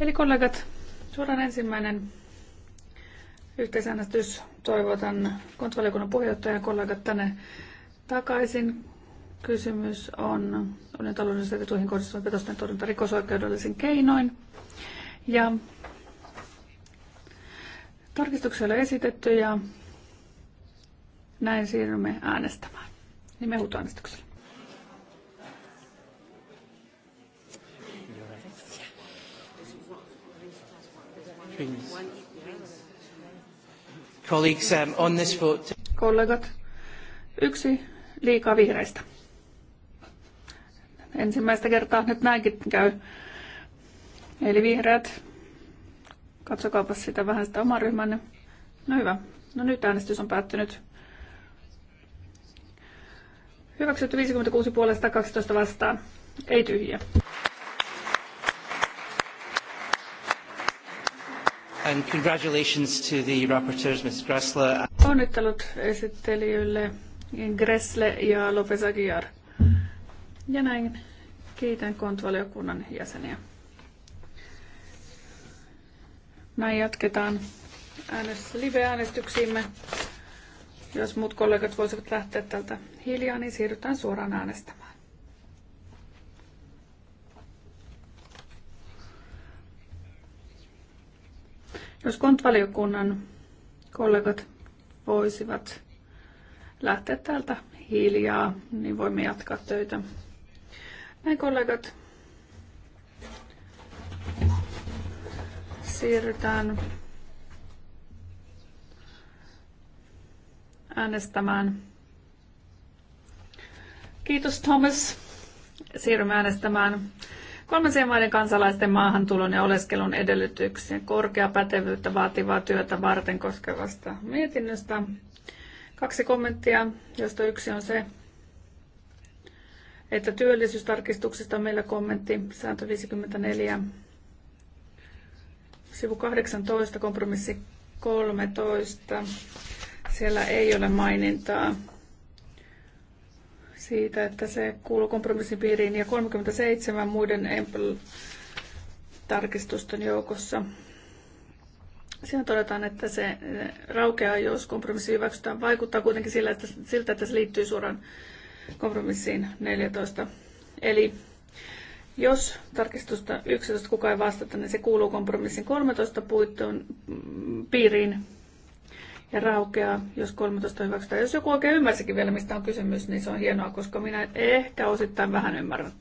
Eli kollegat, suoraan ensimmäinen yhteisäännöstys. Toivotan kontrollikunnan puheenjohtajan kollegat tänne takaisin. Kysymys on uuden taloudellisen etuihin kohdistuvan petosten torjunta rikosoikeudellisin keinoin. Ja tarkistuksia on esitetty ja näin siirrymme äänestämään. Nimenhuutoäänestyksellä. Niin Colleagues, um, on this vote... Kollegat, yksi liikaa vihreistä. Ensimmäistä kertaa nyt näinkin käy. Eli vihreät, katsokaapa sitä vähän sitä omaa ryhmänne. No hyvä. No nyt äänestys on päättynyt. Hyväksytty 56 puolesta 12 vastaan. Ei tyhjiä. And congratulations to the rapporteurs, Ms. Onnittelut esittelijöille Gressle ja Lopez Aguiar. Ja näin kiitän kontvaliokunnan jäseniä. Näin jatketaan äänestys, live-äänestyksiimme. Jos muut kollegat voisivat lähteä tältä hiljaa, niin siirrytään suoraan äänestämään. Jos kontvaliokunnan kollegat voisivat lähteä täältä hiljaa, niin voimme jatkaa töitä. Näin kollegat, siirrytään äänestämään. Kiitos Thomas. Siirrymme äänestämään kolmansien maiden kansalaisten maahantulon ja oleskelun edellytyksiä korkea pätevyyttä vaativaa työtä varten koskevasta mietinnöstä. Kaksi kommenttia, josta yksi on se, että työllisyystarkistuksesta on meillä kommentti, sääntö 54, sivu 18, kompromissi 13. Siellä ei ole mainintaa siitä, että se kuuluu kompromissin piiriin ja 37 muiden Apple-tarkistusten joukossa. Siinä todetaan, että se eh, raukeaa, jos kompromissi hyväksytään. Vaikuttaa kuitenkin sillä, että, siltä, että se liittyy suoraan kompromissiin 14. Eli jos tarkistusta 11 kukaan ei vastata, niin se kuuluu kompromissin 13 puittoon mm, piiriin ja raukeaa, jos 13 hyväksytään. Jos joku oikein ymmärsikin vielä, mistä on kysymys, niin se on hienoa, koska minä ehkä osittain vähän ymmärrän.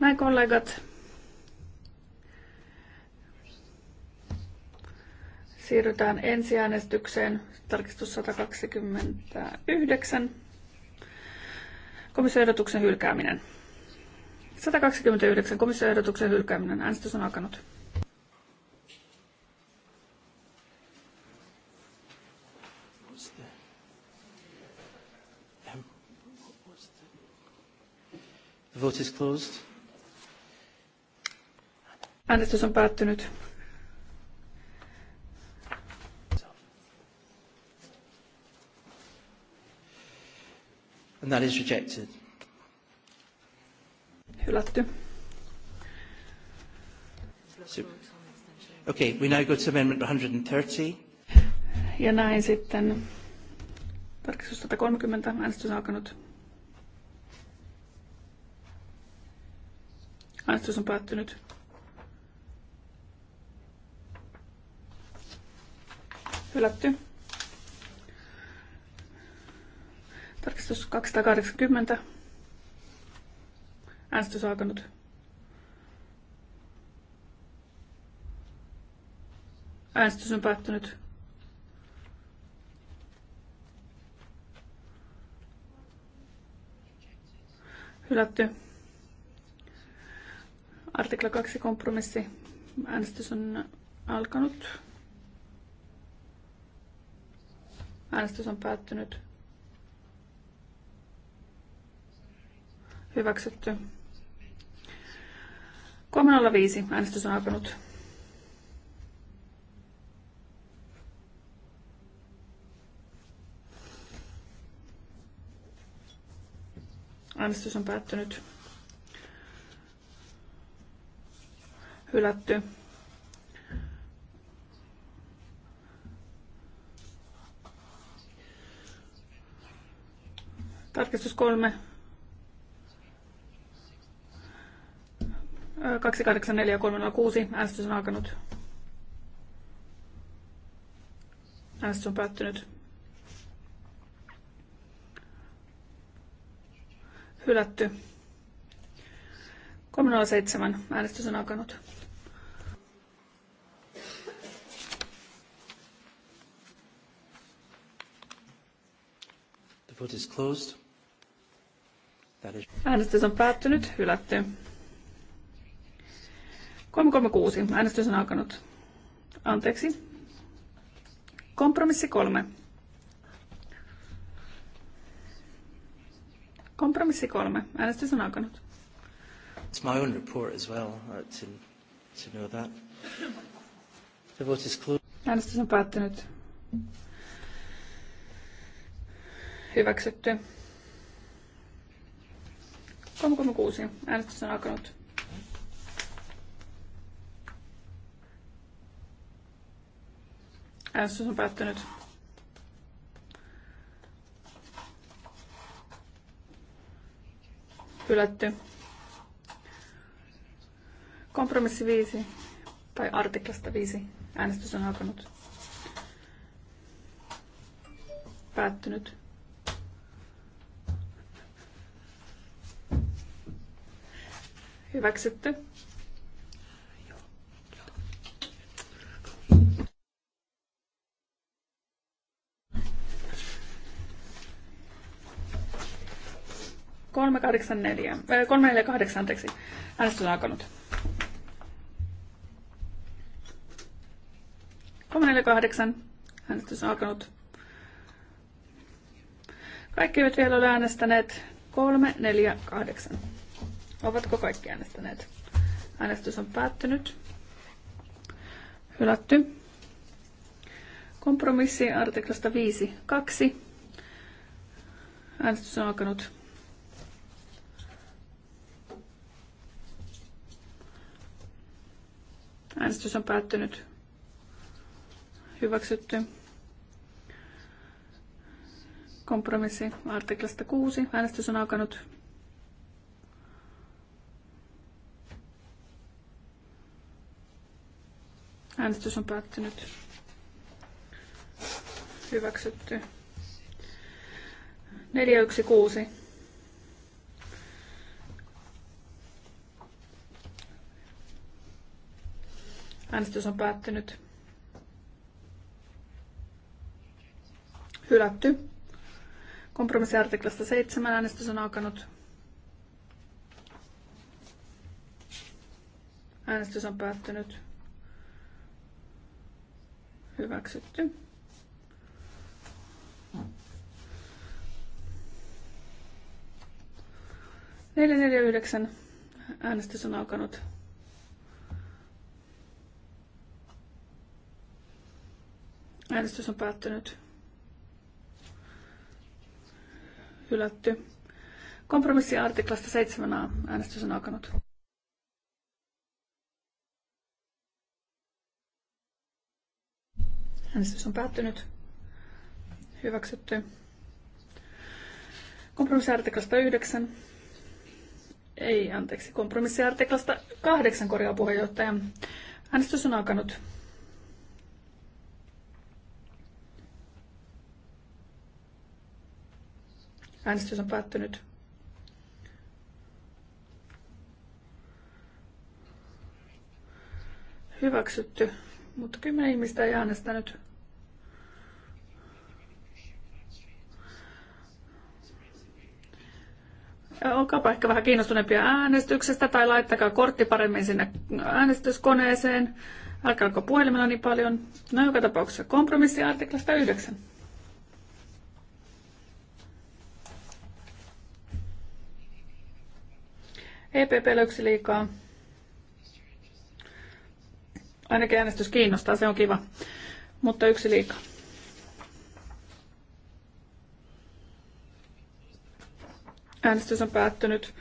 Näin kollegat. Siirrytään ensiäänestykseen. Tarkistus 129. Komissioehdotuksen hylkääminen. 129. Komissioehdotuksen hylkääminen. Äänestys on alkanut. The vote is closed. Äänestys on päättynyt. And that is rejected. Hylätty. So, Okay, we now go to amendment 130. Ja näin sitten tarkistus 130. Äänestys on alkanut. Äänestys on päättynyt. Hylätty. Tarkistus 280. Äänestys alkanut. Äänestys on päättynyt. Hylätty. Artikla 2 kompromissi. Äänestys on alkanut. Äänestys on päättynyt. Hyväksytty. 305. Äänestys on alkanut. Äänestys on päättynyt. Hylätty. Tarkistus kolme. 284306. Äänestys on alkanut. Äänestys on päättynyt. Hylätty. 307. Äänestys on alkanut. Vote is closed. That is... Äänestys on päättynyt, hylätty. 336. Äänestys on alkanut. Anteeksi. Kompromissi kolme. Kompromissi kolme. Äänestys on alkanut. It's my own report as well, uh, to, to know that. The vote is closed. Äänestys on päättynyt. Hyväksytty. 36. Äänestys on alkanut. Äänestys on päättynyt. Hylätty. Kompromissi 5 tai artiklasta 5. Äänestys on alkanut. Päättynyt. Hyväksytty. Kolme kahdeksan neljä. Äh, kolme neljä kahdeksan, anteeksi. Äänestys on alkanut. kahdeksan, Äänestys on alkanut. Kaikki eivät vielä ole äänestäneet. kahdeksan. Ovatko kaikki äänestäneet? Äänestys on päättynyt. Hylätty. Kompromissi artiklasta 5.2. Äänestys on alkanut. Äänestys on päättynyt. Hyväksytty. Kompromissi artiklasta 6. Äänestys on alkanut. Äänestys on päättynyt. Hyväksytty. 416. Äänestys on päättynyt. Hylätty. Kompromissiartiklasta 7 äänestys on alkanut. Äänestys on päättynyt. Hyväksytty. Neljä neljä yhdeksän. Äänestys on alkanut. Äänestys on päättynyt. Hylätty. Kompromissi artiklasta 7a. Äänestys on alkanut. Äänestys on päättynyt. Hyväksytty. Kompromissiartiklasta 9. Ei, anteeksi. Kompromissiartiklasta 8 korjaa puheenjohtaja. Äänestys on alkanut. Äänestys on päättynyt. Hyväksytty mutta kymmenen ihmistä ei äänestänyt. Olkaapa ehkä vähän kiinnostuneempia äänestyksestä tai laittakaa kortti paremmin sinne äänestyskoneeseen. Älkää olko puhelimella niin paljon. No joka tapauksessa kompromissi artiklasta 9. EPP löyksi liikaa. Ainakin äänestys kiinnostaa, se on kiva. Mutta yksi liikaa. Äänestys on päättynyt.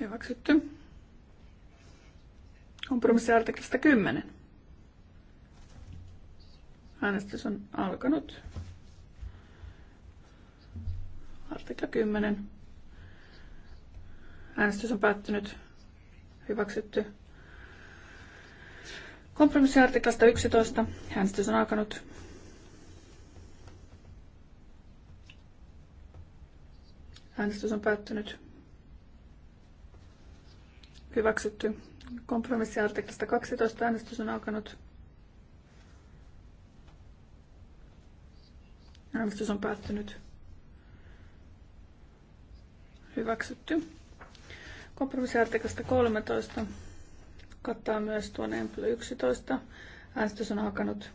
Hyväksytty. Kompromissi artiklasta 10. Äänestys on alkanut. Artikla 10. Äänestys on päättynyt. Hyväksytty. Kompromissiartiklasta 11. Äänestys on alkanut. Äänestys on päättynyt. Hyväksytty. Kompromissiartiklasta 12. Äänestys on alkanut. Äänestys on päättynyt. Hyväksytty. Kompromissiartikasta 13 kattaa myös tuon Emple 11. Äänestys on alkanut.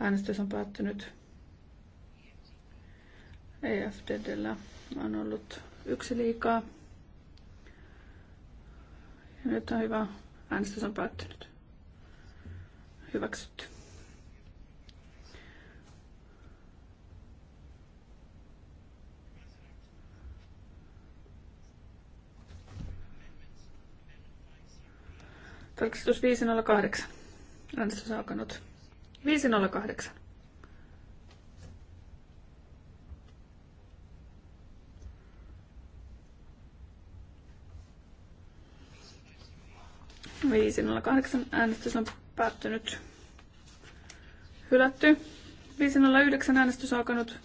Äänestys on päättynyt. EFDDllä on ollut yksi liikaa. Ja nyt on hyvä. Äänestys on päättynyt. Hyväksytty. Tarkistus 508. Äänestys on alkanut. 508. Viisi kahdeksan. Äänestys on päättynyt. Hylätty. 509 äänestys alkanut.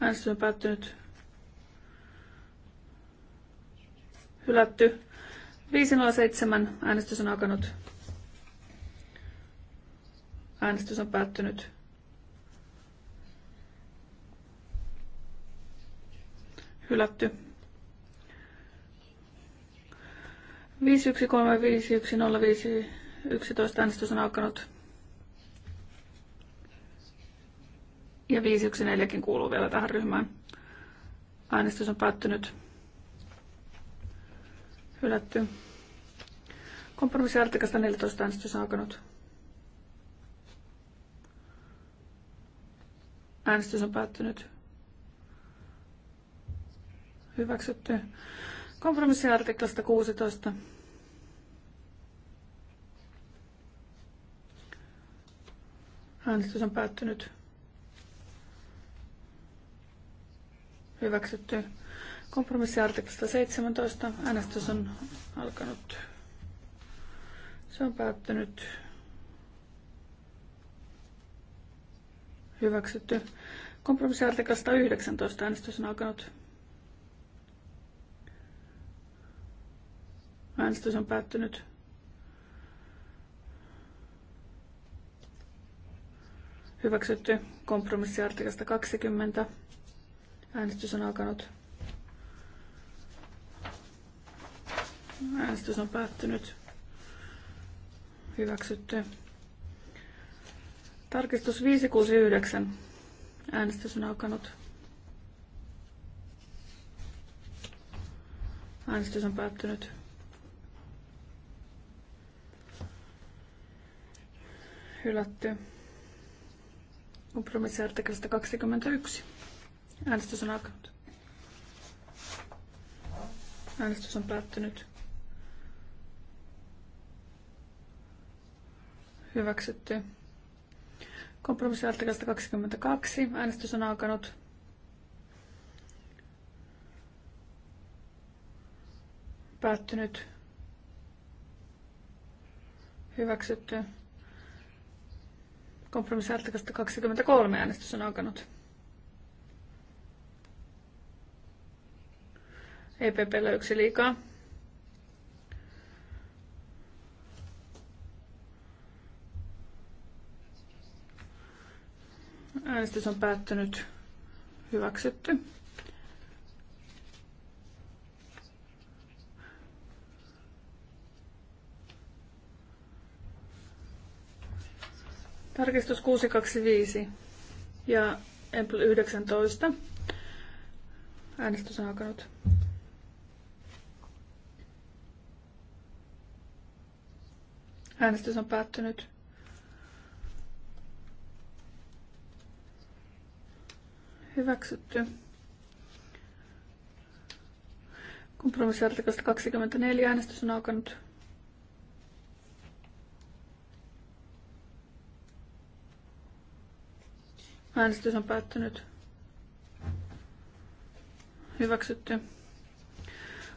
Äänestys on päättynyt. hylätty. 507 äänestys on alkanut. Äänestys on päättynyt. Hylätty. 513510511 äänestys on alkanut. Ja 514kin kuuluu vielä tähän ryhmään. Äänestys on päättynyt. Hylätty. Kompromissiartikasta 14 äänestys on alkanut. Äänestys on päättynyt. Hyväksytty. Kompromissiartiklasta 16. Äänestys on päättynyt. Hyväksytty. Kompromissiartiklasta 17. Äänestys on alkanut. Se on päättynyt. Hyväksytty. Kompromissiartiklasta 19. Äänestys on alkanut. Äänestys on päättynyt. Hyväksytty kompromissiartikasta 20. Äänestys on alkanut. Äänestys on päättynyt. Hyväksytty. Tarkistus 569. Äänestys on alkanut. Äänestys on päättynyt. Hylätty. Kompromissiartiklasta 21. Äänestys on alkanut. Äänestys on päättynyt. Hyväksytty. Kompromissi 22. Äänestys on alkanut. Päättynyt. Hyväksytty. Kompromissi 23. Äänestys on alkanut. EPPllä yksi liikaa. Äänestys on päättynyt. Hyväksytty. Tarkistus 625 ja Empl 19. Äänestys on alkanut. Äänestys on päättynyt. Hyväksytty. Kompromissiartikosta 24 äänestys on alkanut. Äänestys on päättynyt. Hyväksytty.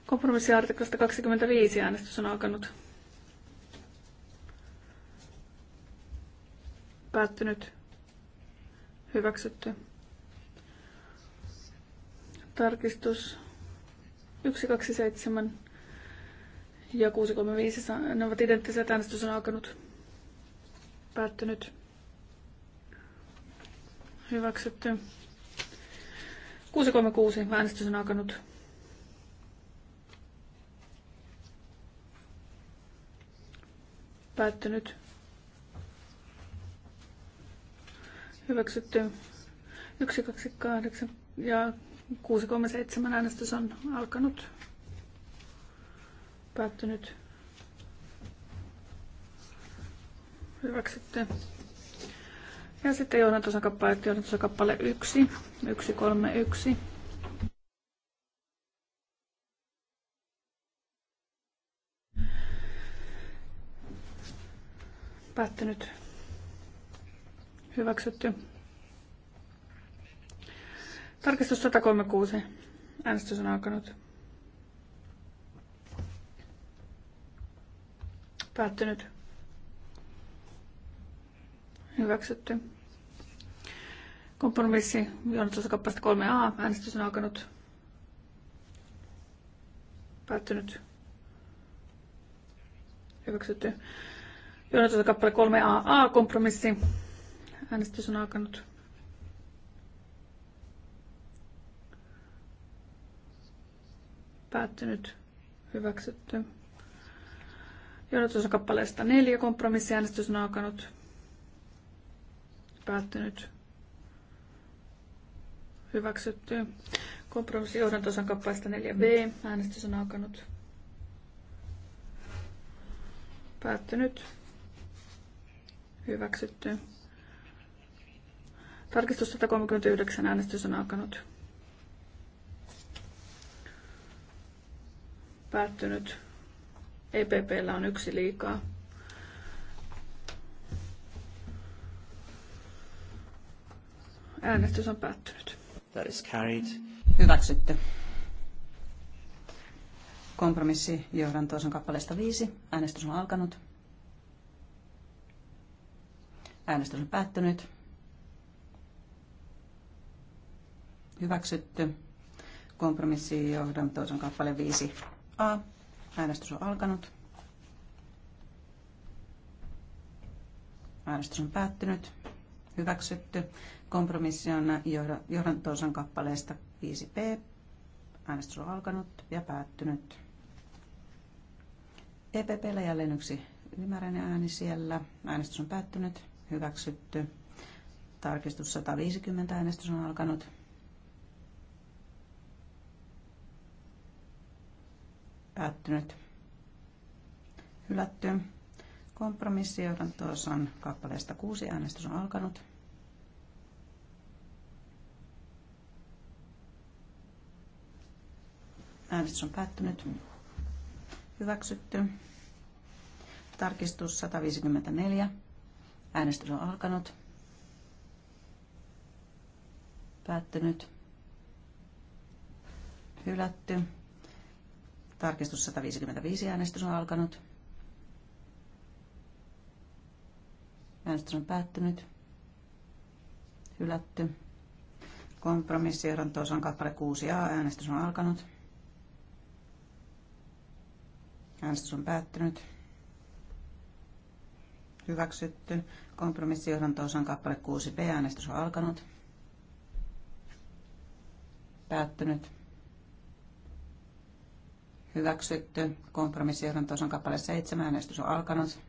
Kompromissiartikosta 25 äänestys on alkanut. Päättynyt. Hyväksytty. Tarkistus 127 ja 635, ne ovat identtiset, äänestys on alkanut, päättynyt, hyväksytty. 636, äänestys on alkanut, päättynyt, hyväksytty. 128 ja 637 äänestys on alkanut. Päättynyt. Hyväksytty. Ja sitten johdantosakappale, johdantosakappale 1, 131. Päättynyt. Hyväksytty. Tarkistus 136. Äänestys on alkanut. Päättynyt. Hyväksytty. Kompromissi johdatuskappaleesta 3a. Äänestys on alkanut. Päättynyt. Hyväksytty. Johdatuskappale 3aa. Kompromissi. Äänestys on alkanut. Päättynyt. Hyväksytty. kappaleesta neljä. Kompromissiäänestys on alkanut. Päättynyt. Hyväksytty. Kompromissi on kappaleesta 4b. Äänestys on alkanut. Päättynyt. Hyväksytty. Tarkistus 139. Äänestys on alkanut. päättynyt. EPPllä on yksi liikaa. Äänestys on päättynyt. That is carried. Hyväksytty. Kompromissi johdan toisen kappaleesta viisi. Äänestys on alkanut. Äänestys on päättynyt. Hyväksytty. Kompromissi johdan toisen kappaleen viisi. A. Äänestys on alkanut. Äänestys on päättynyt. Hyväksytty. Kompromissi on johdantoosan kappaleesta 5b. Äänestys on alkanut ja päättynyt. EPPllä jälleen yksi ylimääräinen ääni siellä. Äänestys on päättynyt. Hyväksytty. Tarkistus 150. Äänestys on alkanut päättynyt, hylätty. Kompromissijohdantoos on kappaleesta kuusi. Äänestys on alkanut. Äänestys on päättynyt. Hyväksytty. Tarkistus 154. Äänestys on alkanut. Päättynyt. Hylätty. Tarkistus 155 äänestys on alkanut. Äänestys on päättynyt. Hylätty. Kompromissiehdotus on kappale 6a. Äänestys on alkanut. Äänestys on päättynyt. Hyväksytty. on kappale 6b. Äänestys on alkanut. Päättynyt hyväksytty. Kompromissijohdon tuossa on kappale 7. Äänestys on alkanut.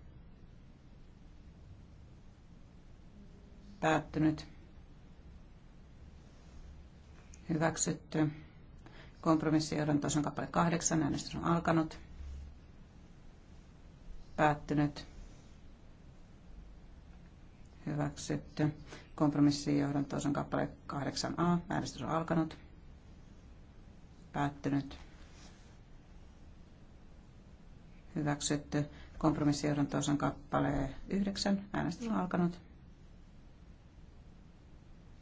Päättynyt. Hyväksytty. Kompromissijohdon tuossa on kappale 8. Äänestys on alkanut. Päättynyt. Hyväksytty. Kompromissijohdon tuossa on kappale 8a. Äänestys on alkanut. Päättynyt hyväksytty. Kompromissijohdon toisen kappale 9. Äänestys on alkanut.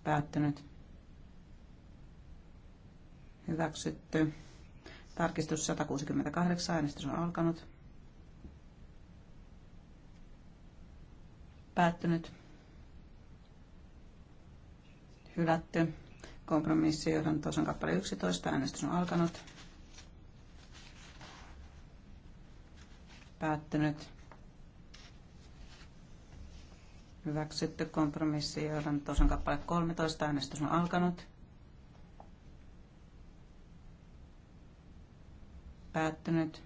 Päättynyt. Hyväksytty. Tarkistus 168. Äänestys on alkanut. Päättynyt. Hylätty. Kompromissijohdon toisen kappale 11. Äänestys on alkanut. päättynyt. Hyväksytty kompromissi, johdan toisen kappale 13. Äänestys on alkanut. Päättynyt.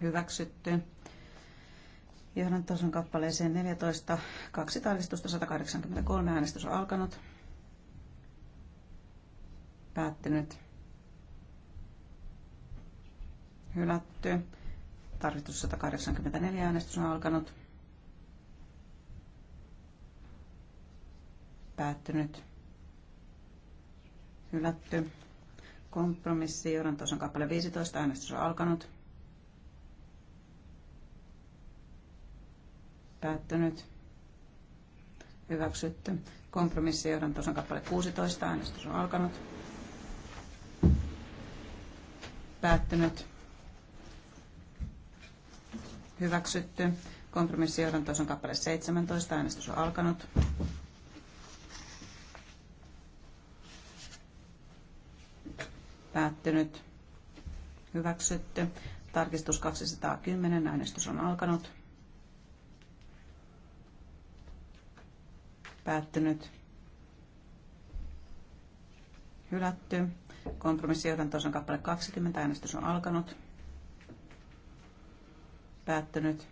Hyväksytty. Johdan tuossa kappaleeseen 14. Kaksi tarkistusta 183. Äänestys on alkanut. Päättynyt. hylätty. tarvittu 184 äänestys on alkanut. Päättynyt. Hylätty. Kompromissi tuossa on kappale 15. Äänestys on alkanut. Päättynyt. Hyväksytty. Kompromissi tuossa on kappale 16. Äänestys on alkanut. Päättynyt hyväksytty. Kompromissijohdon tason kappale 17. Äänestys on alkanut. Päättynyt. Hyväksytty. Tarkistus 210. Äänestys on alkanut. Päättynyt. Hylätty. Kompromissijohdon tason kappale 20. Äänestys on alkanut. Päättynyt.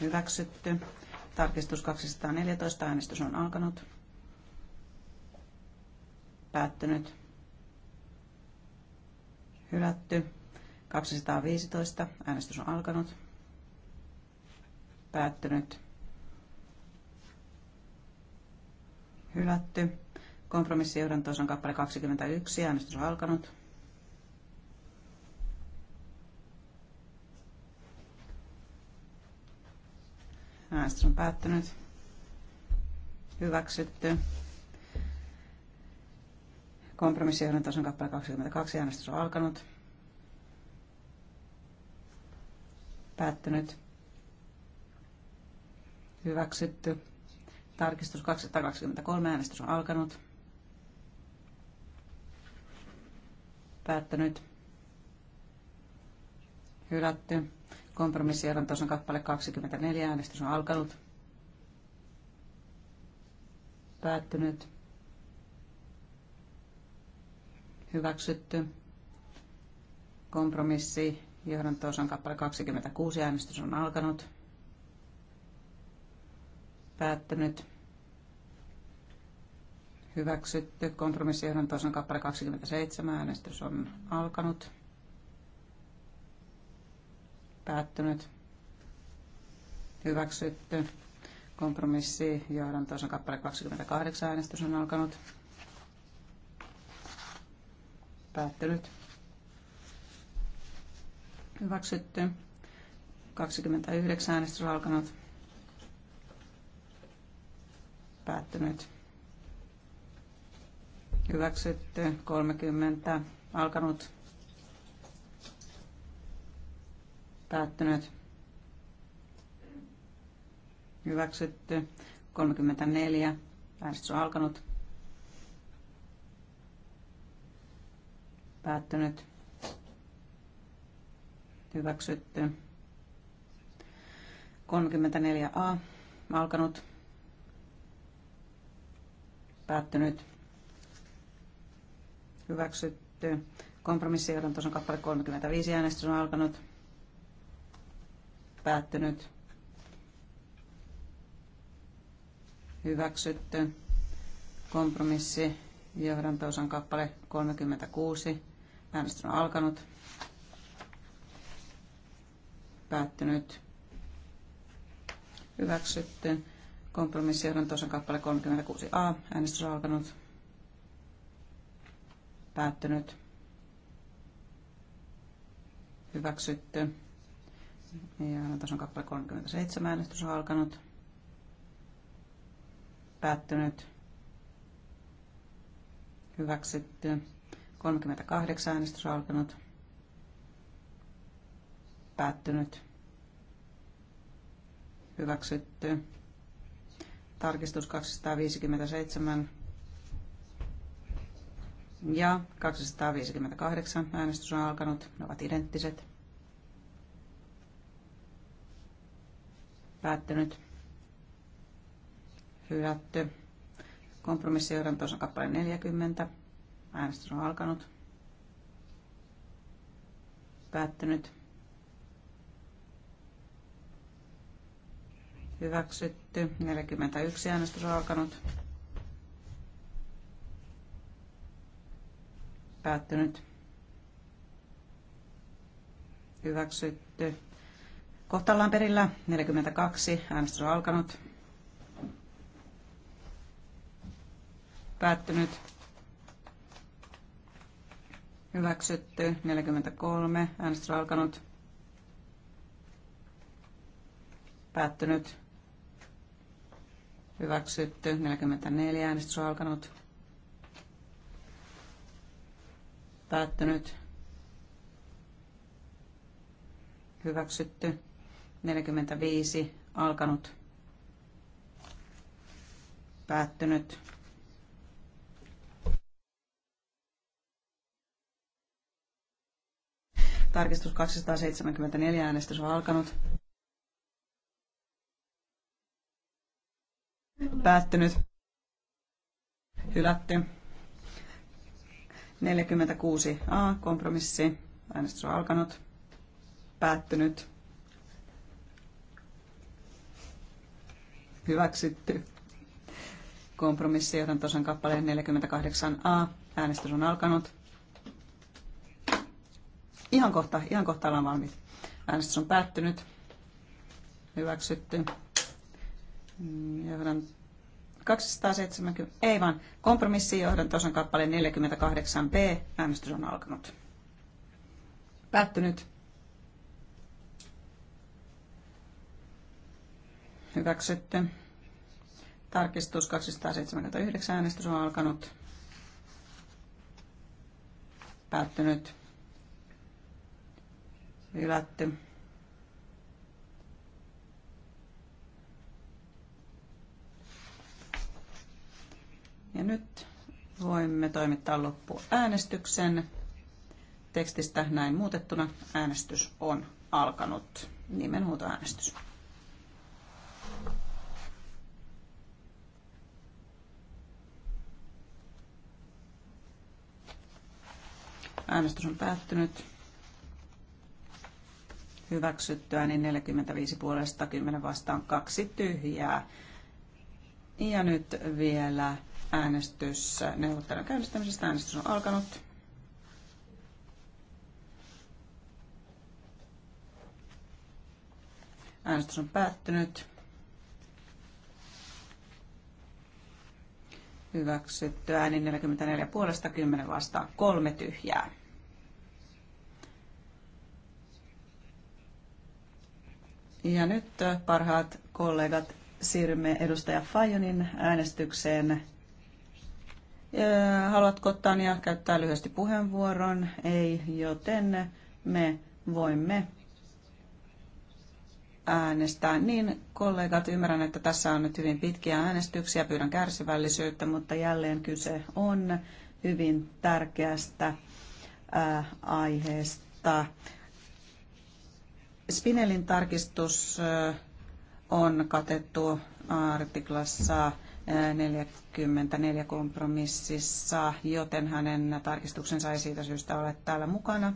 Hyväksytty. Tarkistus 214. Äänestys on alkanut. Päättynyt. Hylätty. 215. Äänestys on alkanut. Päättynyt. Hylätty. Kompromissijohdanto on kappale 21. Äänestys on alkanut. Äänestys on päättynyt. Hyväksytty. Kompromissiohjelman tason kappale 22. Äänestys on alkanut. Päättynyt. Hyväksytty. Tarkistus 223. Äänestys on alkanut. Päättynyt. Hylätty. Kompromissieron tuossa kappale 24. Äänestys on alkanut. Päättynyt. Hyväksytty. Kompromissi. on kappale 26. Äänestys on alkanut. Päättynyt. Hyväksytty. Kompromissi. on kappale 27. Äänestys on alkanut päättynyt, hyväksytty. Kompromissi tuossa kappale 28 äänestys on alkanut. Päättynyt. Hyväksytty. 29 äänestys on alkanut. Päättynyt. Hyväksytty. 30 alkanut. Päättynyt. Hyväksytty. 34. Äänestys on alkanut. Päättynyt. Hyväksytty. 34a. Alkanut. Päättynyt. Hyväksytty. Kompromissijohdon on kappale 35 äänestys on alkanut päättynyt, hyväksytty, kompromissi, johdantoosan kappale 36, äänestys on alkanut, päättynyt, hyväksytty, kompromissi, johdantoosan kappale 36a, äänestys on alkanut, päättynyt, hyväksytty. Ja on kappale 37 äänestys on alkanut. Päättynyt. Hyväksytty. 38 äänestys on alkanut. Päättynyt. Hyväksytty. Tarkistus 257 ja 258 äänestys on alkanut. Ne ovat identtiset. Päättynyt. Hylätty. Kompromissijohdan tuossa kappale 40. Äänestys on alkanut. Päättynyt. Hyväksytty. 41 äänestys on alkanut. Päättynyt. Hyväksytty. Kohtallaan perillä 42. Äänestys on alkanut. Päättynyt. Hyväksytty 43. Äänestys on alkanut. Päättynyt. Hyväksytty 44. Äänestys on alkanut. Päättynyt. Hyväksytty 45 alkanut, päättynyt. Tarkistus 274 äänestys on alkanut. Päättynyt. Hylätty. 46a kompromissi. Äänestys on alkanut. Päättynyt hyväksytty. Kompromissi tosan kappaleen 48a. Äänestys on alkanut. Ihan kohta, ihan kohta ollaan valmiit. Äänestys on päättynyt. Hyväksytty. Johdan 270, ei vaan kompromissi tosan kappaleen 48b. Äänestys on alkanut. Päättynyt Hyväksytty. Tarkistus 279 äänestys on alkanut. Päättynyt. Hylätty. Ja nyt voimme toimittaa loppu äänestyksen Tekstistä näin muutettuna äänestys on alkanut. Nimenhuutoäänestys. äänestys. Äänestys on päättynyt. Hyväksyttyä niin 45 puolesta 10 vastaan kaksi tyhjää. Ja nyt vielä äänestys neuvottelun käynnistämisestä. Äänestys on alkanut. Äänestys on päättynyt. Hyväksytty ääni 44 puolesta, 10 vastaan, kolme tyhjää. Ja nyt parhaat kollegat, siirrymme edustaja Fajonin äänestykseen. Haluatko Tania käyttää lyhyesti puheenvuoron? Ei, joten me voimme äänestää. Niin, kollegat, ymmärrän, että tässä on nyt hyvin pitkiä äänestyksiä, pyydän kärsivällisyyttä, mutta jälleen kyse on hyvin tärkeästä aiheesta. Spinelin tarkistus on katettu artiklassa 44 kompromississa, joten hänen tarkistuksensa ei siitä syystä ole täällä mukana.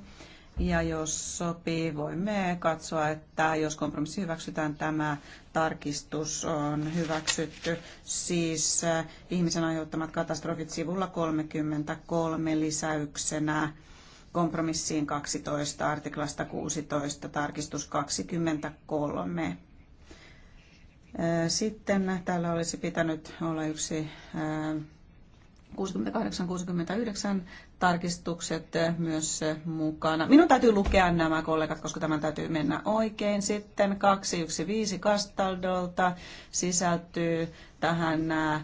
Ja jos sopii, voimme katsoa, että jos kompromissi hyväksytään, tämä tarkistus on hyväksytty. Siis ihmisen aiheuttamat katastrofit sivulla 33 lisäyksenä kompromissiin 12 artiklasta 16 tarkistus 23. Sitten täällä olisi pitänyt olla yksi 68-69 tarkistukset myös mukana. Minun täytyy lukea nämä kollegat, koska tämän täytyy mennä oikein. Sitten 215 Kastaldolta sisältyy tähän nämä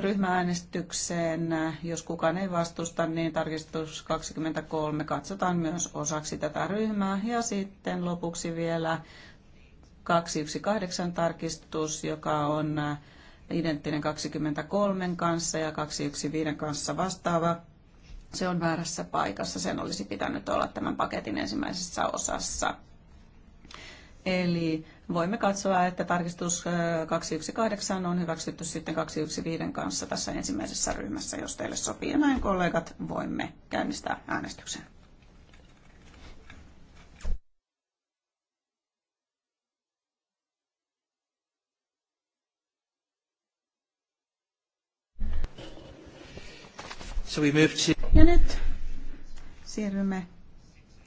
ryhmäänestykseen. Jos kukaan ei vastusta, niin tarkistus 23 katsotaan myös osaksi tätä ryhmää. Ja sitten lopuksi vielä 218 tarkistus, joka on identtinen 23 kanssa ja 215 kanssa vastaava. Se on väärässä paikassa, sen olisi pitänyt olla tämän paketin ensimmäisessä osassa. Eli voimme katsoa, että tarkistus 218 on hyväksytty sitten 215 kanssa tässä ensimmäisessä ryhmässä, jos teille sopii. Ja näin kollegat voimme käynnistää äänestyksen. So we move to... Ja nyt siirrymme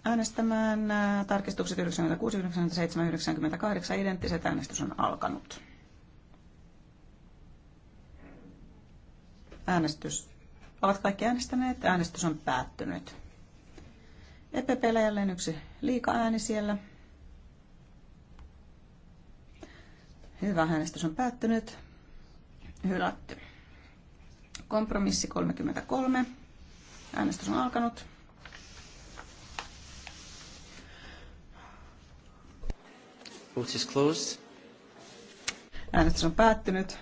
äänestämään tarkistukset 96, 97, 98 identtiset. Äänestys on alkanut. Äänestys. Ovat kaikki äänestäneet. Äänestys on päättynyt. EPPllä jälleen yksi liika ääni siellä. Hyvä, äänestys on päättynyt. Hylätty. Kompromissi 33. Äänestys on alkanut. Vote is closed. Äänestys on päättynyt.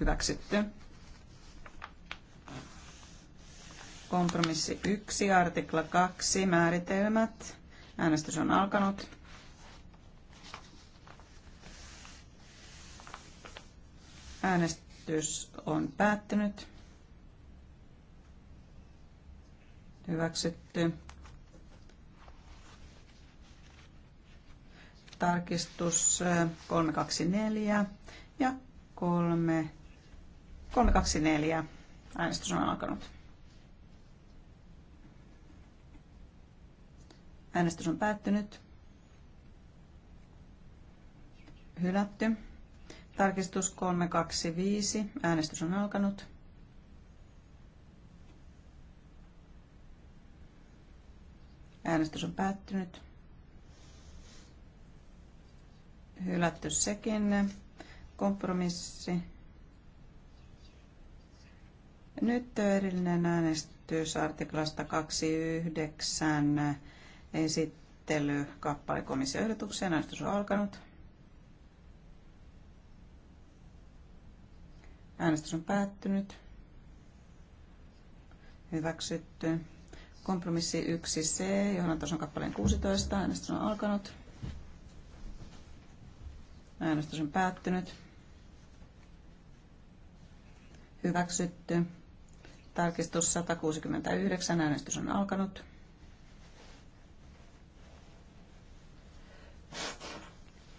Hyväksytty. Kompromissi 1, artikla 2, määritelmät. Äänestys on alkanut. Äänestys on päättynyt. Hyväksytty. tarkistus 324 ja 3, 324. Äänestys on alkanut. Äänestys on päättynyt. Hylätty. Tarkistus 325. Äänestys on alkanut. Äänestys on päättynyt. hylätty sekin kompromissi. Nyt erillinen äänestys artiklasta 29 esittely kappale komission ehdotukseen. Äänestys on alkanut. Äänestys on päättynyt. Hyväksytty. Kompromissi 1C, johon on kappaleen 16. Äänestys on alkanut. Äänestys on päättynyt. Hyväksytty. Tarkistus 169. Äänestys on alkanut.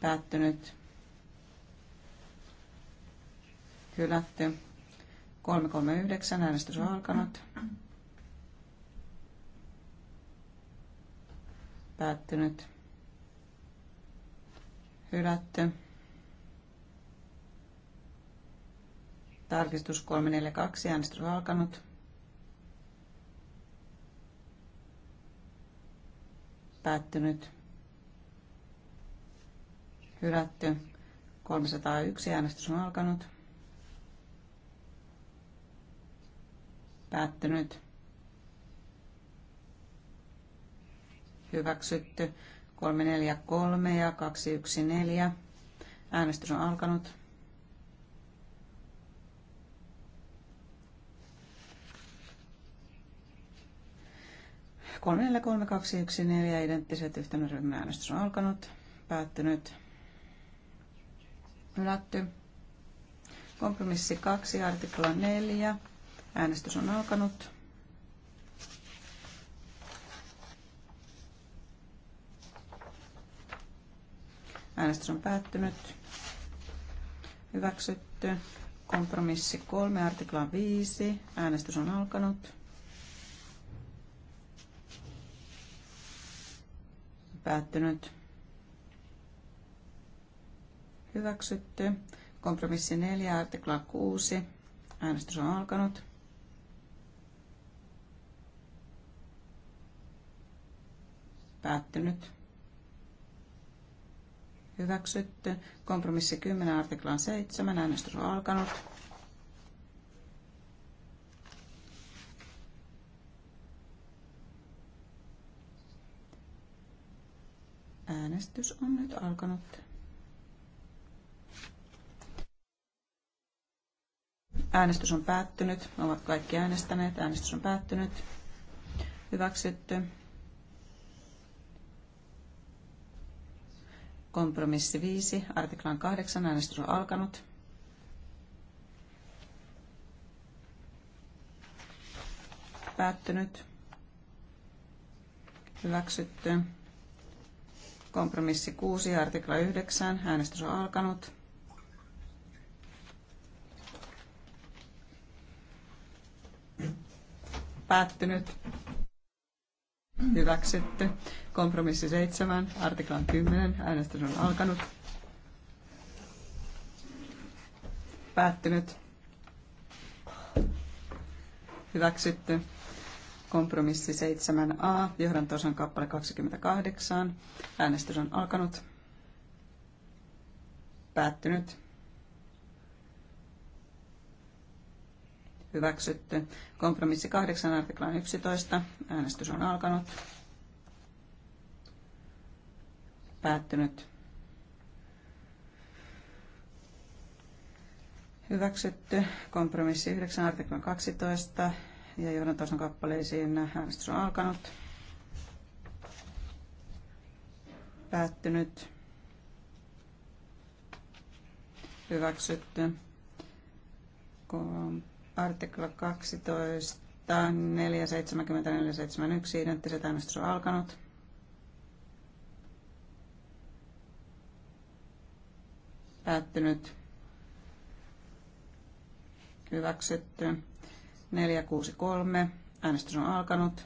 Päättynyt. Hylätty. 339. Äänestys on alkanut. Päättynyt. Hylätty. Tarkistus 342, äänestys on alkanut. Päättynyt. Hylätty. 301, äänestys on alkanut. Päättynyt. Hyväksytty. 343 ja 214. Äänestys on alkanut. 343214 identtiset yhtenäryhmän äänestys on alkanut, päättynyt, hylätty. Kompromissi 2, artikla 4. Äänestys on alkanut. Äänestys on päättynyt. Hyväksytty. Kompromissi 3, artikla 5. Äänestys on alkanut. Päättynyt. Hyväksytty. Kompromissi 4, artikla 6. Äänestys on alkanut. Päättynyt. Hyväksytty. Kompromissi 10, artiklan 7. Äänestys on alkanut. Äänestys on nyt alkanut. Äänestys on päättynyt. Ovat kaikki äänestäneet. Äänestys on päättynyt. Hyväksytty. Kompromissi 5. Artiklan 8. Äänestys on alkanut. Päättynyt. Hyväksytty. Kompromissi 6, artikla 9. Äänestys on alkanut. Päättynyt. Hyväksytty. Kompromissi 7, artikla 10. Äänestys on alkanut. Päättynyt. Hyväksytty. Kompromissi 7a, johdantosan kappale 28. Äänestys on alkanut. Päättynyt. Hyväksytty. Kompromissi 8 artiklaan 11. Äänestys on alkanut. Päättynyt. Hyväksytty. Kompromissi 9 artiklaan 12 ja johdantason kappaleisiin. Äänestys on alkanut. Päättynyt. Hyväksytty. Artikla 12, 470, 471, identtiset äänestys on alkanut. Päättynyt. Hyväksytty. 463. Äänestys on alkanut.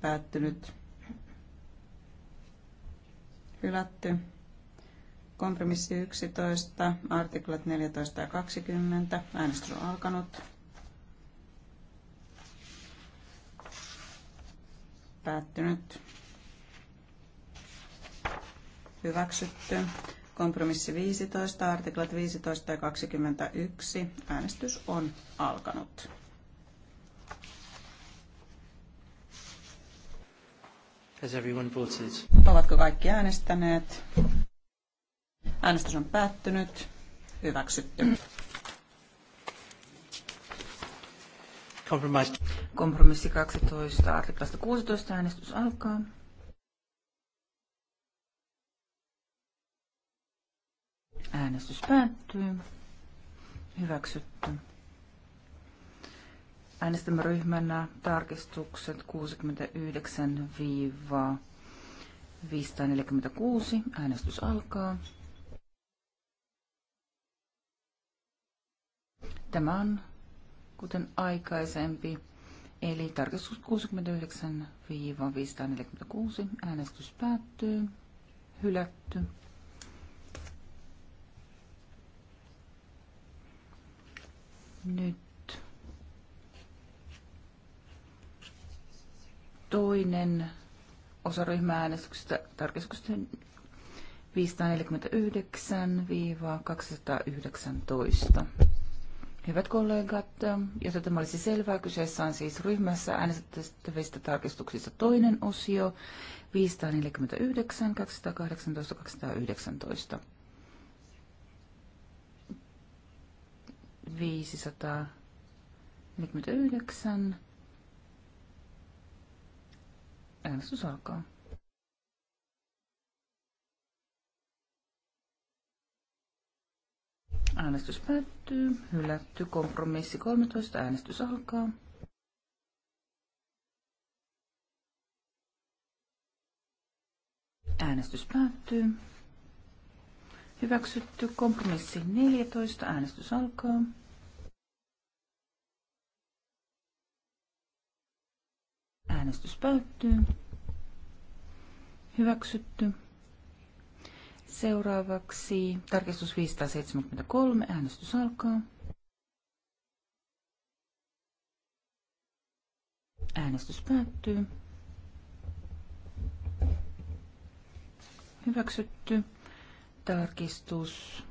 Päättynyt. Hylätty. Kompromissi 11, artiklat 14 ja 20. Äänestys on alkanut. Päättynyt. Hyväksytty. Kompromissi 15, artiklat 15 ja 21. Äänestys on alkanut. Has everyone voted? Ovatko kaikki äänestäneet? Äänestys on päättynyt. Hyväksytty. Kompromissi 12, artiklasta 16 äänestys alkaa. Äänestys päättyy. Hyväksytty. Äänestämme ryhmänä tarkistukset 69-546. Äänestys alkaa. Tämä on kuten aikaisempi, eli tarkistus 69-546. Äänestys päättyy. Hylätty. Nyt toinen osa ryhmääänestyksestä tarkistuksen 549-219. Hyvät kollegat, jotta tämä olisi selvää, kyseessä on siis ryhmässä äänestettävistä tarkistuksista toinen osio 549, 218, 219. 549. Äänestys alkaa. Äänestys päättyy. Hylätty. Kompromissi 13. Äänestys alkaa. Äänestys päättyy. Hyväksytty kompromissi 14. Äänestys alkaa. Äänestys päättyy. Hyväksytty. Seuraavaksi tarkistus 573. Äänestys alkaa. Äänestys päättyy. Hyväksytty. Tarkistus.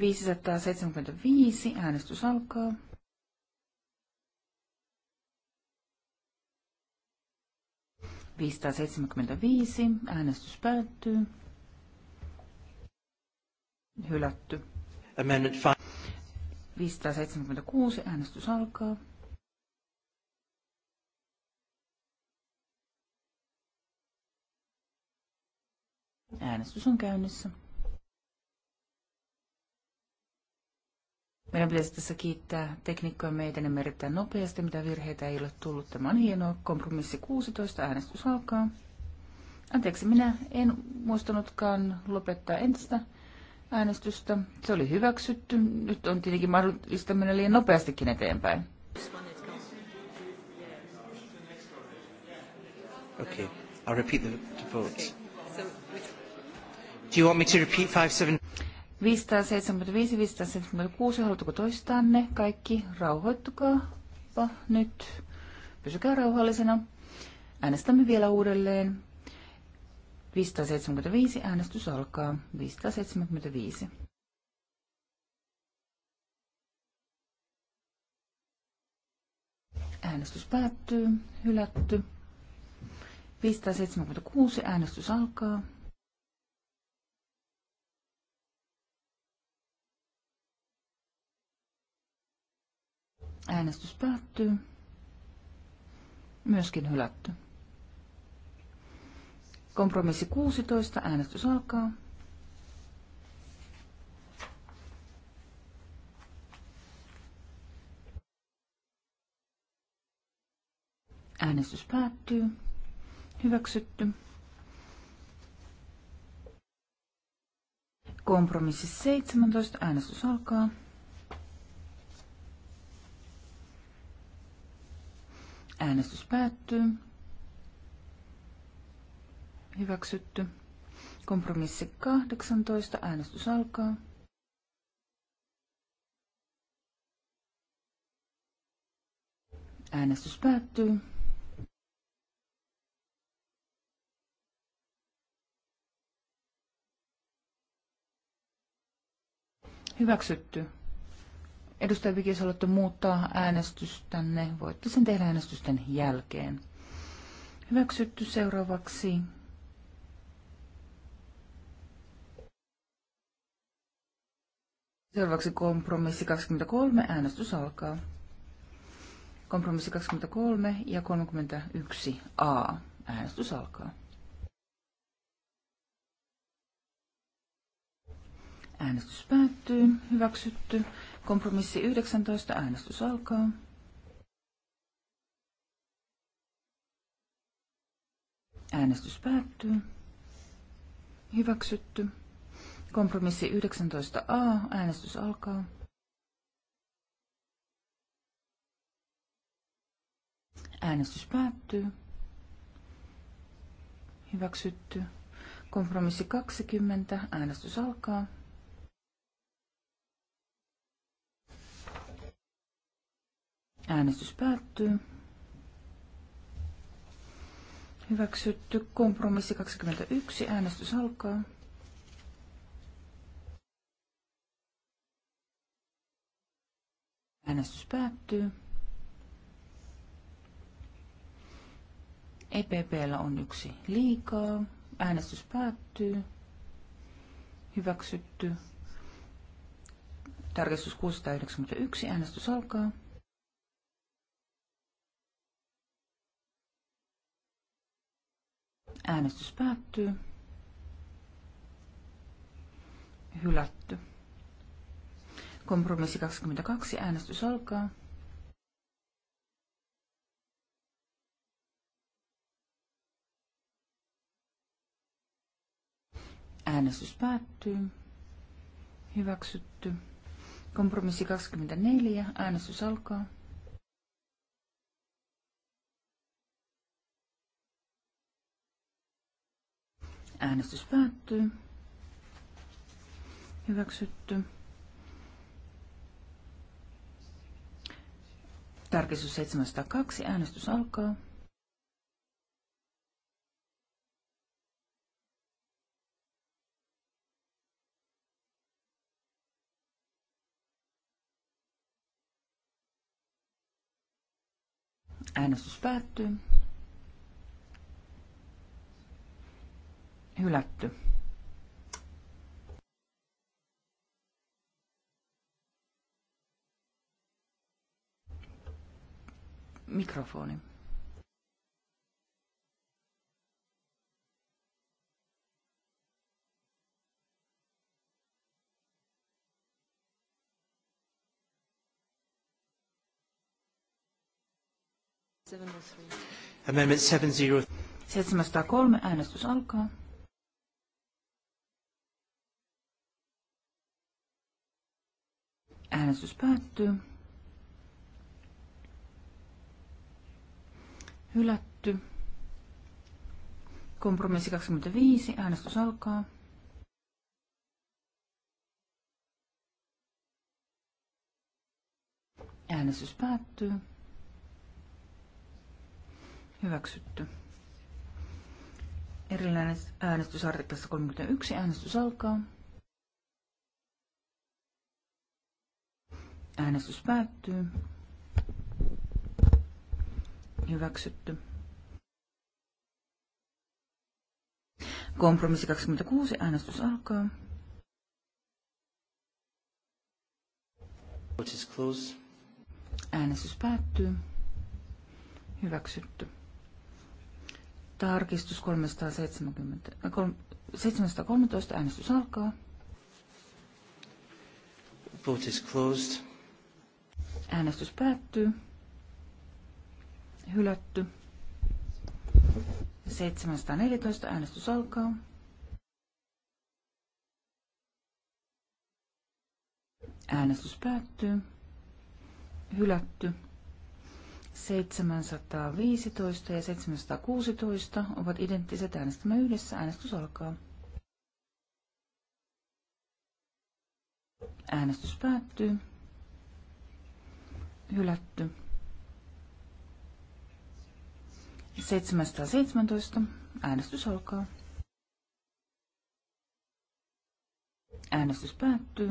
Viisisataa seitsemänkymmentäviisi. Äänestys alkaa. Viisisataa seitsemänkymmentäviisi. Äänestys päättyy hylätty. Amendment 576. Äänestys alkaa. Äänestys on käynnissä. Meidän pitäisi tässä kiittää tekniikkoja meidän ja erittäin nopeasti, mitä virheitä ei ole tullut. Tämä on hienoa. Kompromissi 16, äänestys alkaa. Anteeksi, minä en muistanutkaan lopettaa entistä äänestystä. Se oli hyväksytty. Nyt on tietenkin mahdollista mennä liian nopeastikin eteenpäin. Okay, I'll repeat the, the votes. Do you want me to repeat 575, 576, haluatteko toistaa ne kaikki? Rauhoittukaapa nyt. Pysykää rauhallisena. Äänestämme vielä uudelleen. 575 äänestys alkaa. 575. Äänestys päättyy. Hylätty. 576 äänestys alkaa. Äänestys päättyy. Myöskin hylätty. Kompromissi 16. Äänestys alkaa. Äänestys päättyy. Hyväksytty. Kompromissi 17. Äänestys alkaa. Äänestys päättyy. Hyväksytty. Kompromissi 18. Äänestys alkaa. Äänestys päättyy. Hyväksytty. Edustaja Viki, jos haluatte muuttaa äänestystänne, voitte sen tehdä äänestysten jälkeen. Hyväksytty seuraavaksi Seuraavaksi kompromissi 23. Äänestys alkaa. Kompromissi 23 ja 31 A. Äänestys alkaa. Äänestys päättyy. Hyväksytty. Kompromissi 19. Äänestys alkaa. Äänestys päättyy. Hyväksytty. Kompromissi 19a. Äänestys alkaa. Äänestys päättyy. Hyväksytty. Kompromissi 20. Äänestys alkaa. Äänestys päättyy. Hyväksytty. Kompromissi 21. Äänestys alkaa. Äänestys päättyy. EPPllä on yksi liikaa. Äänestys päättyy. Hyväksytty. Tarkistus 691. Äänestys alkaa. Äänestys päättyy. Hylätty. Kompromissi 22. Äänestys alkaa. Äänestys päättyy. Hyväksytty. Kompromissi 24. Äänestys alkaa. Äänestys päättyy. Hyväksytty. Tarkistus 702. Äänestys alkaa. Äänestys päättyy. Hylätty. Mikrofoni. Amendment 70. 703 äänestys alkaa. Äänestys päättyy. Hylätty. Kompromissi 25. Äänestys alkaa. Äänestys päättyy. Hyväksytty. Erillinen äänestys artiklassa 31. Äänestys alkaa. Äänestys päättyy. Hyväksytty. Kompromissi 26. Äänestys alkaa. Äänestys päättyy. Hyväksytty. Tarkistus 370, 713. Äänestys alkaa. Vote is closed. Äänestys päättyy. Hylätty. 714 äänestys alkaa. Äänestys päättyy. Hylätty. 715 ja 716 ovat identtiset äänestämme yhdessä. Äänestys alkaa. Äänestys päättyy. Hylätty. 717. Äänestys alkaa. Äänestys päättyy.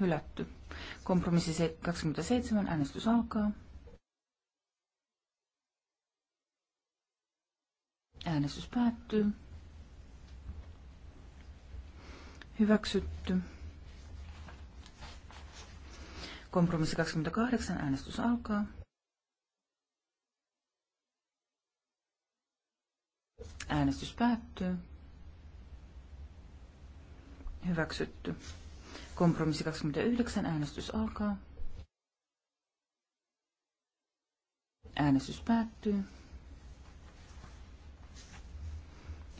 Hylätty. Kompromissi 27. Äänestys alkaa. Äänestys päättyy. Hyväksytty. Kompromissi 28. Äänestys alkaa. Äänestys päättyy. Hyväksytty. Kompromissi 29. Äänestys alkaa. Äänestys päättyy.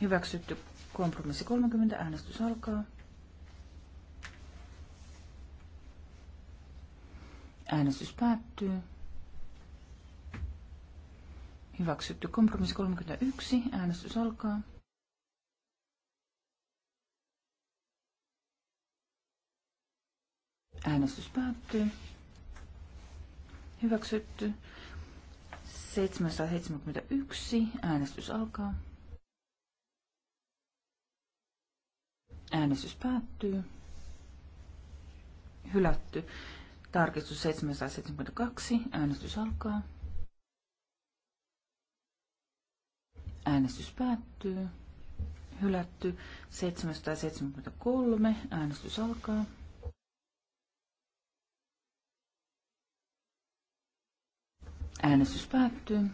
Hyväksytty. Kompromissi 30. Äänestys alkaa. Äänestys päättyy. Hyväksytty. Kompromissi 31. Äänestys alkaa. Äänestys päättyy. Hyväksytty. 771. Äänestys alkaa. Äänestys päättyy. Hylätty. Tarkistus 772. Äänestys alkaa. Äänestys päättyy. Hylätty. 773. Äänestys alkaa. Äänestys päättyy.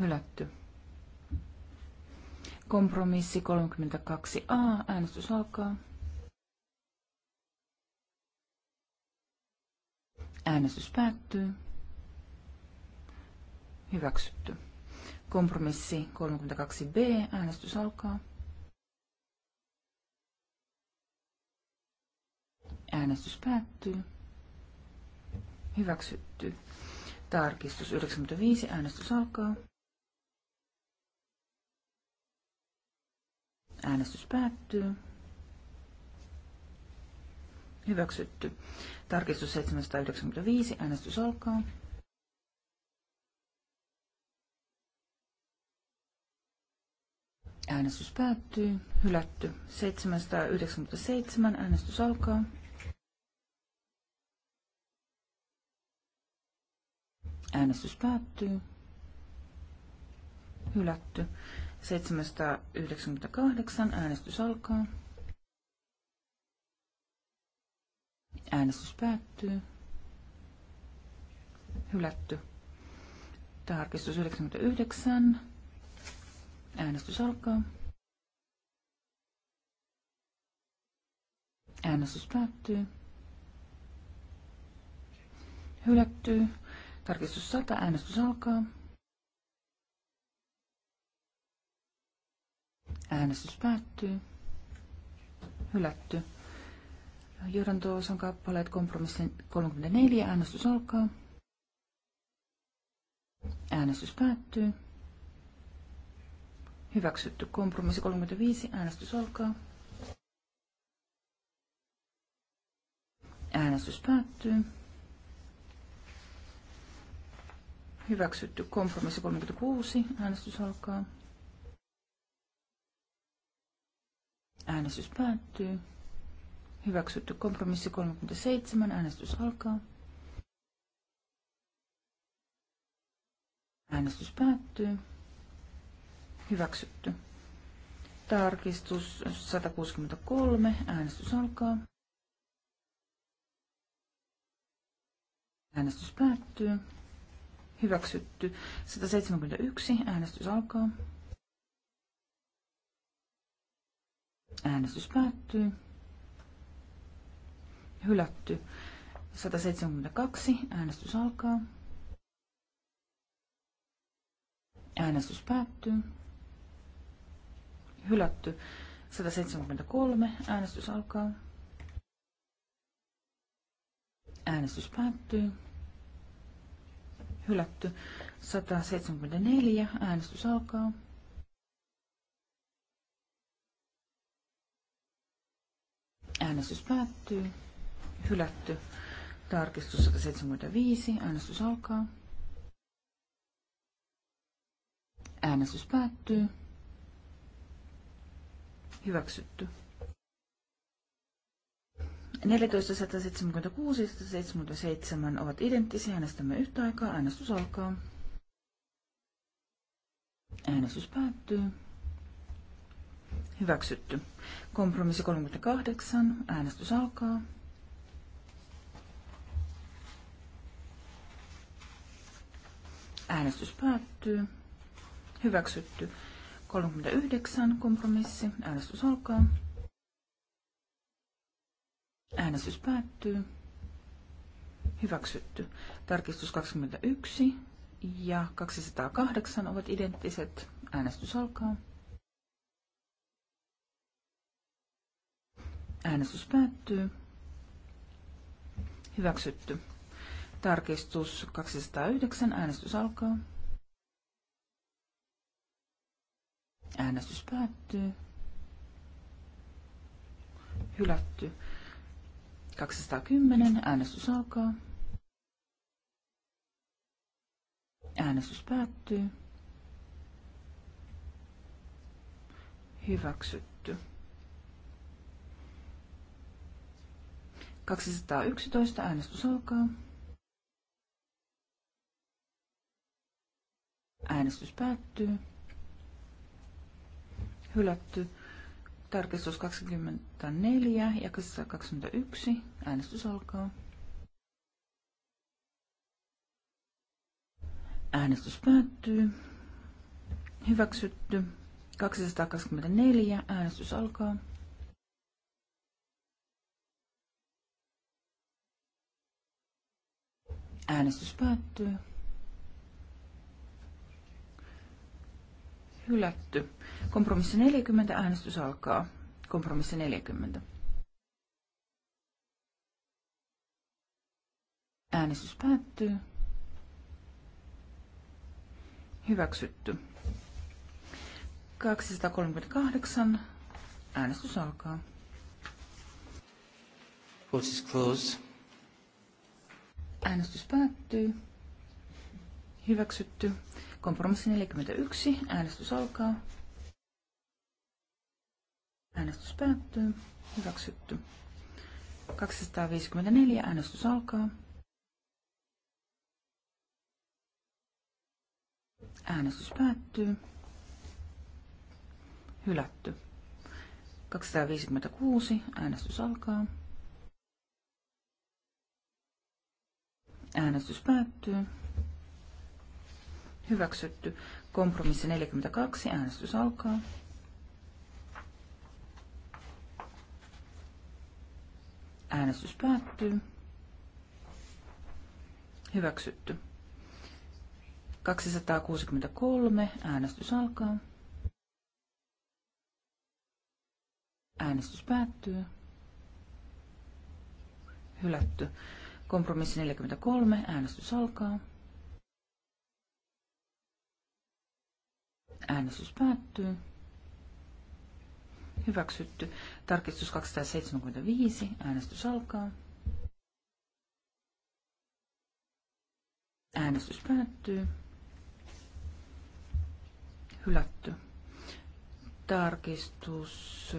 Hylätty. Kompromissi 32a. Äänestys alkaa. Äänestys päättyy. Hyväksytty. Kompromissi 32b. Äänestys alkaa. Äänestys päättyy. Hyväksytty. Tarkistus 95. Äänestys alkaa. Äänestys päättyy. Hyväksytty. Tarkistus 795. Äänestys alkaa. Äänestys päättyy. Hylätty. 797. Äänestys alkaa. Äänestys päättyy. Hylätty. 798. Äänestys alkaa. Äänestys päättyy. Hylätty. Tarkistus 99. Äänestys alkaa. Äänestys päättyy. Hylättyy. Tarkistus 100. Äänestys alkaa. Äänestys päättyy. Hylätty. Johdanto-osan kappaleet kompromissin 34. Äänestys alkaa. Äänestys päättyy. Hyväksytty. Kompromissi 35. Äänestys alkaa. Äänestys päättyy. Hyväksytty. Kompromissi 36. Äänestys alkaa. Äänestys päättyy. Hyväksytty. Kompromissi 37. Äänestys alkaa. Äänestys päättyy. Hyväksytty. Tarkistus 163. Äänestys alkaa. Äänestys päättyy. Hyväksytty. 171. Äänestys alkaa. Äänestys päättyy. Hylätty. 172. Äänestys alkaa. Äänestys päättyy hylätty. 173. Äänestys alkaa. Äänestys päättyy. Hylätty. 174. Äänestys alkaa. Äänestys päättyy. Hylätty. Tarkistus 175. Äänestys alkaa. Äänestys päättyy. Hyväksytty. 14, 176 ovat identtisiä. Äänestämme yhtä aikaa. Äänestys alkaa. Äänestys päättyy. Hyväksytty. Kompromissi 38. Äänestys alkaa. Äänestys päättyy. Hyväksytty. 39 kompromissi. Äänestys alkaa. Äänestys päättyy. Hyväksytty. Tarkistus 21 ja 208 ovat identtiset. Äänestys alkaa. Äänestys päättyy. Hyväksytty. Tarkistus 209. Äänestys alkaa. Äänestys päättyy. Hylätty. 210. Äänestys alkaa. Äänestys päättyy. Hyväksytty. 211. Äänestys alkaa. Äänestys päättyy hylätty. Tarkistus 24 ja 21. Äänestys alkaa. Äänestys päättyy. Hyväksytty. 224. Äänestys alkaa. Äänestys päättyy. hylätty. Kompromissi 40, äänestys alkaa. Kompromissi 40. Äänestys päättyy. Hyväksytty. 238. Äänestys alkaa. Vote is closed. Äänestys päättyy. Hyväksytty. Kompromissi 41. Äänestys alkaa. Äänestys päättyy. Hyväksytty. 254. Äänestys alkaa. Äänestys päättyy. Hylätty. 256. Äänestys alkaa. Äänestys päättyy. Hyväksytty. Kompromissi 42. Äänestys alkaa. Äänestys päättyy. Hyväksytty. 263. Äänestys alkaa. Äänestys päättyy. Hylätty. Kompromissi 43. Äänestys alkaa. Äänestys päättyy. Hyväksytty. Tarkistus 275. Äänestys alkaa. Äänestys päättyy. Hylätty. Tarkistus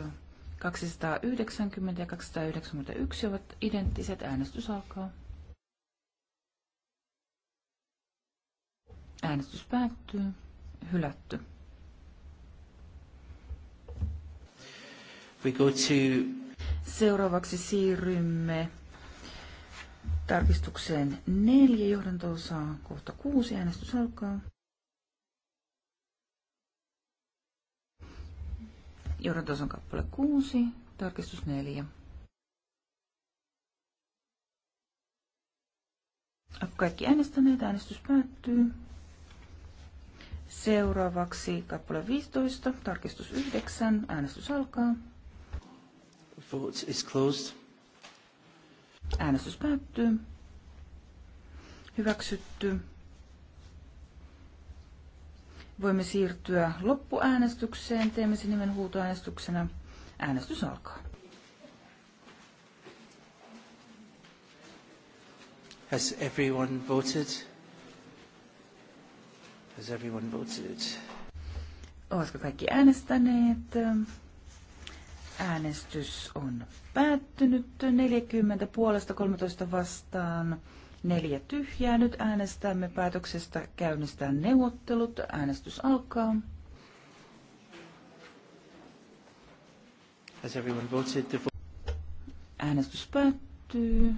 290 ja 291 ovat identtiset. Äänestys alkaa. Äänestys päättyy. Hylätty. We go to... Seuraavaksi siirrymme tarkistukseen neljä johdanto kohta kuusi, äänestys alkaa. johdanto kappale kuusi, tarkistus neljä. Kaikki äänestäneet, äänestys päättyy. Seuraavaksi kappale 15, tarkistus 9, äänestys alkaa. Vote is closed. Äänestys päättyy. Hyväksytty. Voimme siirtyä loppuäänestykseen. Teemme sen nimen huutoäänestyksenä. Äänestys alkaa. Has everyone voted? Has everyone voted? Ovatko kaikki äänestäneet? Äänestys on päättynyt. 40 puolesta 13 vastaan. Neljä tyhjää. Nyt äänestämme päätöksestä käynnistää neuvottelut. Äänestys alkaa. Has everyone voted the Äänestys päättyy.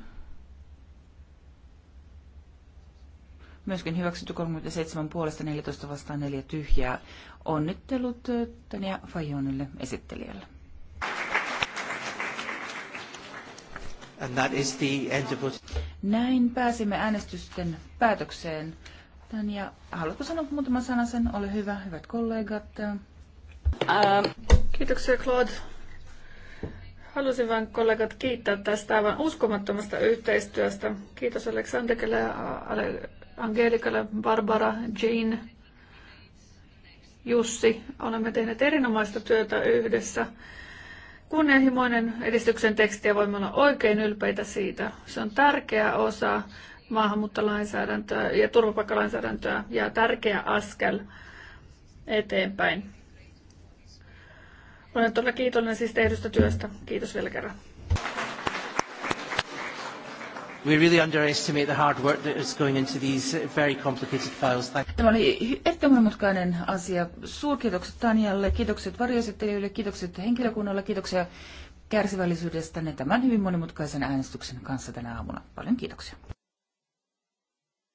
Myöskin hyväksytty 37 puolesta 14 vastaan 4 tyhjää. Onnittelut äh, Tania Fajonille esittelijälle. And that is the end of... Näin pääsimme äänestysten päätökseen. Tanja, haluatko sanoa muutaman sanan sen? Ole hyvä, hyvät kollegat. Ähm. kiitoksia Claude. Halusin vain kollegat kiittää tästä aivan uskomattomasta yhteistyöstä. Kiitos Aleksanderille, Angelikalle, Barbara, Jean, Jussi. Olemme tehneet erinomaista työtä yhdessä kunnianhimoinen edistyksen teksti ja voimme olla oikein ylpeitä siitä. Se on tärkeä osa maahanmuuttolainsäädäntöä ja turvapaikkalainsäädäntöä ja tärkeä askel eteenpäin. Olen todella kiitollinen siis tehdystä työstä. Kiitos vielä kerran. We really underestimate the hard work that is going into these very complicated files. Thank Tämä oli erittäin monimutkainen asia. Suurkiitokset Tanjalle, kiitokset varjoesittelijöille, kiitokset henkilökunnalle, kiitoksia kärsivällisyydestänne tämän hyvin monimutkaisen äänestyksen kanssa tänä aamuna. Paljon kiitoksia.